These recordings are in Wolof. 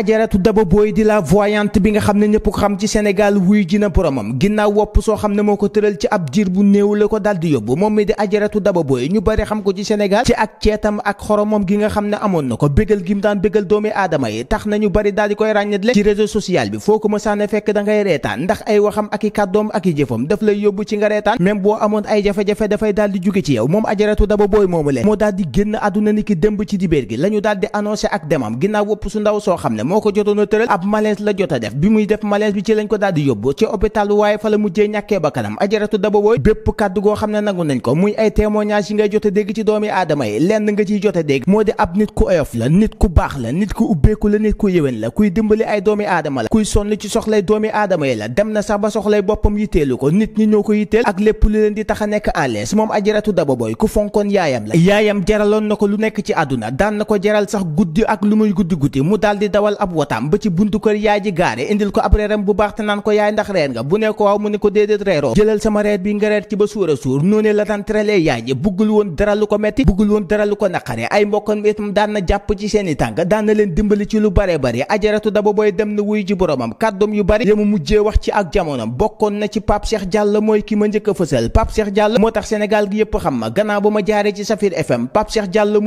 ajaratu daba booy di la voyante bi nga xam ne ñëpp xam ci Sénégal wuy ji na boromam ginnaaw wopp soo xam ne moo ko tëral ci ab diir bu néew la ko dal di yóbbu moom mi di ajaratu ñu bari xam ko ci Sénégal ak ceetam ak xoromam gi nga xam ne amoon na ko bégal gi mu daan bégal doomi aadama yi tax nañu bari daal di koy ràññetle ci réseau social bi foo ko mësaane fekk da ngay reetaan ndax ay waxam ak i kàddoom ak i lay yóbbu ci nga même boo amoon ay jafe-jafe dafay daal di jóge ci yow moom ajaratu daba booy moomu leen moo daal di génn àdduna ni ki démb ci dibéer gi lañu daal di annoncé ak demam ginnaaw wopp su ndaw soo xam ne moo ko jotoon a tëral ab malaise la jot a def bi muy def malaise bi ci lañ ko daal yóbbu ci hôpital waaye fa la mujjee ñàkkee ba kanam ajaratu daba booy bépp kàddu goo xam ne nangu nañ ko muy ay jot a dégg ci doomi aadama yi lenn nga ciy jot a dégg moo di ab nit ku oyof la nit ku baax la nit ku ubbeeku la nit ku yëwén la kuy dimbali ay doomi aadama la kuy sonn ci soxlay doomi aadama yi la dem na sax ba soxlay boppam yitteelu ko nit ñi ñoo ko yitteel ak lépp lu leen di tax a nekk à l'aise moom ajaratu daba booy ku fonkoon yaayam la yaayam jaraloon ko lu nekk ci àdduna daan na dawal ab wotaam ba ci buntu kër yaay ji gaare indil ko ab reeram bu baax te naan ko yaay ndax reer nga bu ne waaw mu ne ko déedéet reeroo jëlal sama reer bi nga reer ci ba suur a suur noonee la daan teralee yaay ji buggul woon dara lu ko metti buggul woon dara lu ko naqare ay mbokkam itam daan jàpp ci seeni tànk daan leen dimbali ci lu bare bare ajaratu daba booy dem na wuyu ji boromam kàddoom yu bari yamu mujjee wax ci ak jamonoom bokkoon na ci Pape Cheikh Diallo a fësal moo tax Sénégal gi yëpp xam ma ba ma jaaree ci Safir FM Pape Cheikh Diallo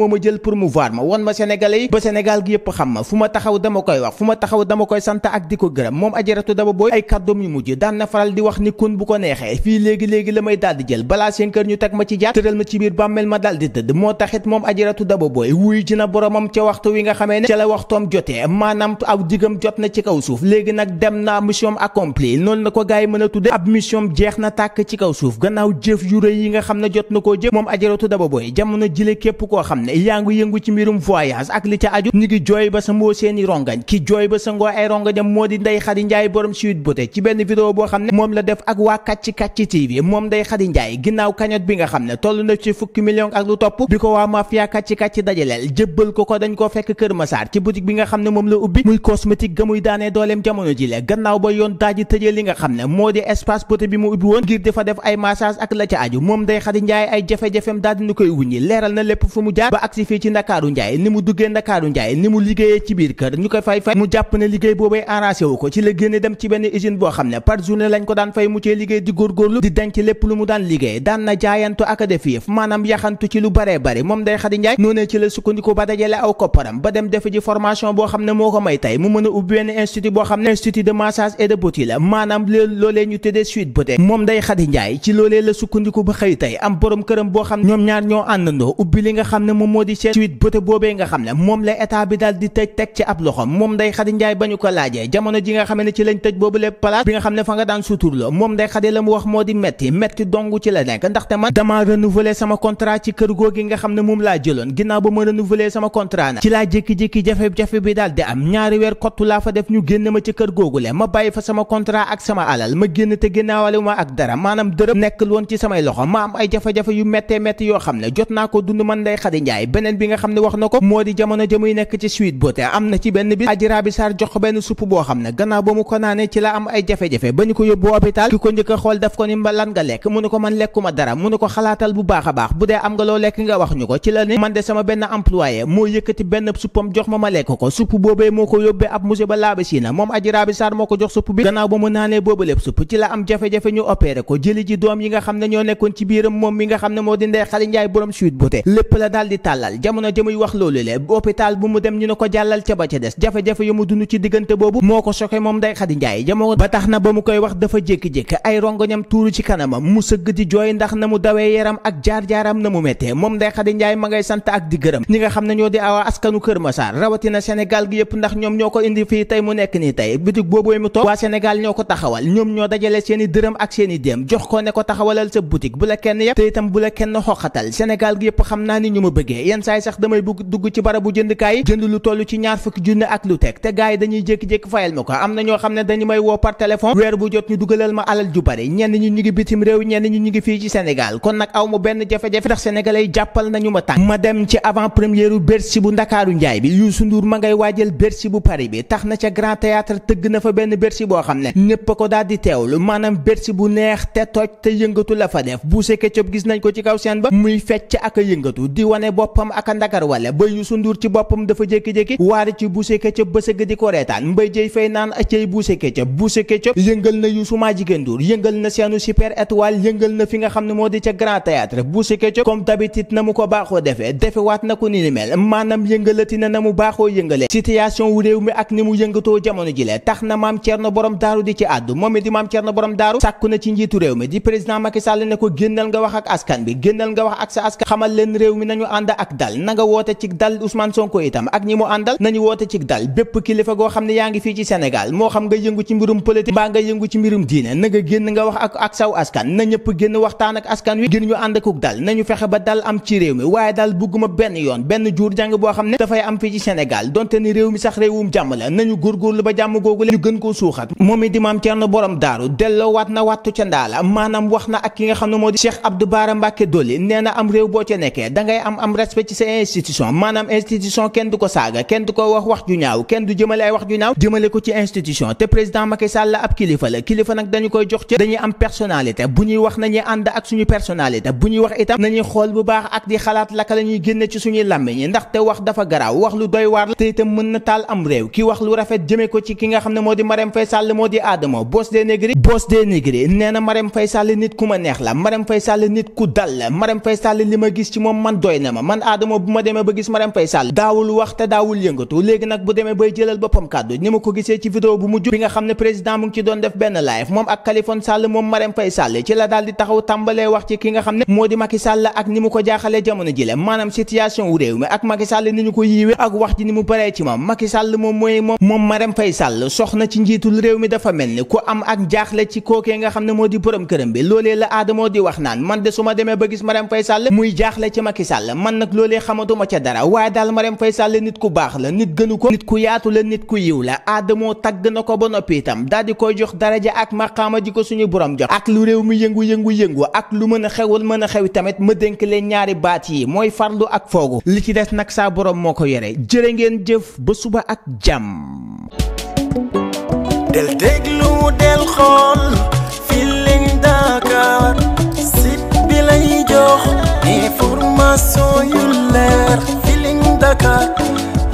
dama koy wax fu ma taxaw dama koy sant ak di ko gërëm moom ajaratu daba booy ay kàddoom yu mujj daan na faral di wax ni kun bu ko neexee fii léegi-léegi la may daal di jël balaa seen kër ñu teg ma ci jaat tëral ma ci biir bàmmeel ma daal di tëdd moo taxit moom ajaratu daba booy wuy ji na boromam ca waxtu wi nga xamee ne ca la waxtoom jotee maanaam aw digam jot na ci kaw suuf léegi nag dem na mission accomplie noonu la ko gaay yi mën a tudde ab mission jeex na tàkk ci kaw suuf rongañ ki jooy ba sangoo ay rongañam moo bi nga xam ne toll na ci fukki million ak bi ko waa mafia kàcci kàcci dajaleel jëbbal ko ko dañ koo la ubbi muy cosmétique ga muy daanee dooleem jamono ji le gannaaw ba yoon moo di espace beauté bi mu ubbi woon ngir dafa def ay massage ak la ca aju moom Ndeye Khady Ndiaye ay jafe-jafem daal dina koy wuññi leeral na lépp fu mu jaar ba agsi fii ci Ndakaaru Ndiaye ni mu duggee Ndakaaru Ndiaye ni mu liggéeyee ci biir kër ko fay fay mu jàpp ne liggéey boobay arrangé ko ci la génne dem ci benn usine boo xam ne par journée lañ ko daan fay mu liggéey di góorgóorlu di denc lépp lu mu daan liggéey daan na jaayantu ak a def yëf maanaam yaxantu ci lu baree bare moom day xadi njaay ci la sukkandiku ba dajale aw kopparam ba dem defe ji formation boo xam ne moo ko may tey mu mën ubbi benn institut boo xam ne institut de massage et de beauté la maanaam loolee ñu tëddee loxo moom Ndeye Khady Ndiaye ba ñu ko laajee jamono ji nga xam ne ci lañ tëj boobu lépp place bi nga xam ne fa nga daan suturloo moom Ndeye Khady la mu wax moo di metti metti dong ci la nekk ndaxte man dama renouveler sama contrat ci kër googi nga xam ne moom laa jëloon ginnaaw ma renouveler sama contrat na ci laa jékki-jékki jafe-jafe bi daal di am ñaari weer kottu laa fa def ñu génn ma ci kër googule ma bàyyi fa sama contrat ma génn te génnaawale ma ak dara maanaam dërëm yoo xam ne jot naa ko dund man Ndeye Khady Ndiaye beneen bi nga xam ne wax na ko moo di jamono ja muy nekk ci suite boote am na ci benn benn bis aji rabi sarr benn supp boo xam ne gannaaw ba mu ko naanee ci la am ay jafe-jafe ba ñu ko ko njëkk a xool lekk mu ne ko man lekkuma dara mu ne ko xalaatal bu baax a baax bu dee am nga loo lekk nga wax ñu ko ci la ne man benn employé moo yëkkati benn suppam jox ma ma lekk ko supp boobee moo ko yóbbee ab musée ba laaba sii rabi sarr moo ko jox supp bi gannaaw ba mu naanee boobu lépp supp ci la am jafe-jafe ñu opéré ko jëli ji doom yi nga xam ne ñoo nekkoon ci biiram moom mi nga xam ne moo di ndey xali njaay borom suite beauté lépp la daal di tàllal jamono jëmuy wax loolu le hôpital bu mu dem ñu ne ko jàllal ca ba ca des jafe-jafe yu mu dund ci diggante boobu moo ko choqué moom Ndeye Khady Ndiaye jamono ba tax na ba mu koy wax dafa jékki-jékki ay rongoñam tuuru ci kanamam mu sëgg di jooy ndax na mu dawee yaram ak jaar-jaaram na mu méttee moom Ndeye Khady Ndiaye ma ngay sant ak di gërëm ñi nga xam ne ñoo di awa askanu Kër Massar rawatina Sénégal gi yëpp ndax ñoom ñoo ko indi fii tey mu nekk nii tey bitig boobu mu toog waa Sénégal ñoo ko taxawal ñoom ñoo dajale seeni dërëm ak seeni déem jox ko ne ko taxawalal sa boutique bu la kenn yëpp te itam bu la kenn xoqatal Sénégal gi yëpp xam naa ni ñu ma bëggee yenn saay sax damay bugg dugg ci barabu jëndkaay jënd lu toll ci ñaar fukki ak lu teg te gars yi dañuy jékki-jékki fayal ma ko am na ñoo xam ne dañu may woo par téléphone weer bu jot ñu dugalal ma alal ju bari ñenn ñu ñu ngi bitim réew ñenn ñu ñu ngi fii ci Sénégal kon nag aw mu benn jafe-jafe ndax sénégalais jàppal nañu ma tànk ma dem ci avant première u Bercy bu Ndakaaru Njaay bi Youssou Ndour ma ngay waajal Bercy bu Paris bi tax na ca Grand Théâtre tëgg na fa benn Bercy boo xam ne ñépp a ko daal di teewlu maanaam Bercy bu neex te toj te yëngatu la fa def Boucher Ketchup gis nañ ko ci kaw seen ba muy fecc ak yëngatu di wane boppam ak ndakar wale ba Youssou Ndour ci boppam dafa jékki buuse këcëb bësëg di ko reetaan mbay jëy fay naan acëy buuse këcëb buuse këcëb yëngal na Youssou maa jigéen Ndour yëngal na seenu super étoile yëngal na fi nga xam ne moo di ca grand théâtre buuse këcëb comme d'habitude na mu ko baaxoo defee defewaat na ko ni ni mel maanaam yëngalati na na mu baaxoo yëngale situation wu réew mi ak ni mu yëngatoo jamono ji tax na maam Cerno borom daaru di ci àddu moom it di maam Cerno borom daaru sàkku na ci njiitu réew mi di président Macky Sall ne ko génnal leen réew mi na nga ak dal bépp kilifa goo xam ne yaa ngi fii ci Sénégal moo xam nga yëngu ci mbirum politique mbaa nga yëngu ci mbirum diine na nga génn nga wax ak saw askan na ñëpp génn waxtaan ak askan wi ngir ñu ànd akuk dal nañu fexe ba dal am ci réew mi waaye daal bugguma benn yoon benn jur jàng boo xam ne dafay am fii ci Sénégal donte ni réew mi sax réewum jàmm la nañu góorgóorlu ba jàmm googu la ñu gën koo suuxat moom it di maam Cerno borom daaru delloo waat ju ñaaw kenn du jëmale ay wax ju ñaaw jëmale ko ci institution te président Macky Sall la ab kilifa la kilifa nag dañu koy jox ci dañuy am personnalité bu ñuy wax nañuy ànd ak suñu personnalité bu ñuy wax itam nañuy xool bu baax ak di xalaat laka la génne ci suñuy làmmiñ ndaxte wax dafa garaaw wax lu doy waar la te itam mën na taal am réew ki wax lu rafet jëmee ko ci ki nga xam ne moo di Marème Faye Sall moo di Adamo boss des négri boss des négri nee na Marème Faye Sall nit nag bu demee bay jëlal boppam kàddu ni ma ko gisee ci vidéo bu mujj bi nga xam ne président mu ci doon def benn live moom ak Khaliphone Sall moom di taxaw tàmbalee wax ci ki nga moo di Macky Sall ak ni mu ko jaaxalee jamono ji le maanaam situation wu réew mi ak Macky Sall ni ñu ko yiiwee moom mooy moom moom Marème Faye Sall soxna ci njiitul réew mi dafa mel ni ku am ak jaaxle ci kookee nga xam ne moo di borom këram bi loolee la aadamoo di naan man de ma demee ba gis Marème Faye Sall muy jaaxle ci Macky Sall man nag loolee xamatuma ca dara waaye daal Marème Faye Sall nit ku baax la nit gënu ko nit ku yaatu la nit ku yiw la aadamoo tagg na ko ba noppi itam daal di koy jox daraja ak maqaama ji ko suñu borom jox ak lu réew mi yëngu-yëngu-yëngu ak lu mën a xewal mën a xewi tamit ma dénk leen ñaari baat yi mooy farlu ak foogu li ci des nag saa borom moo ko yore jërë ngeen jëf ba suba ak jàmm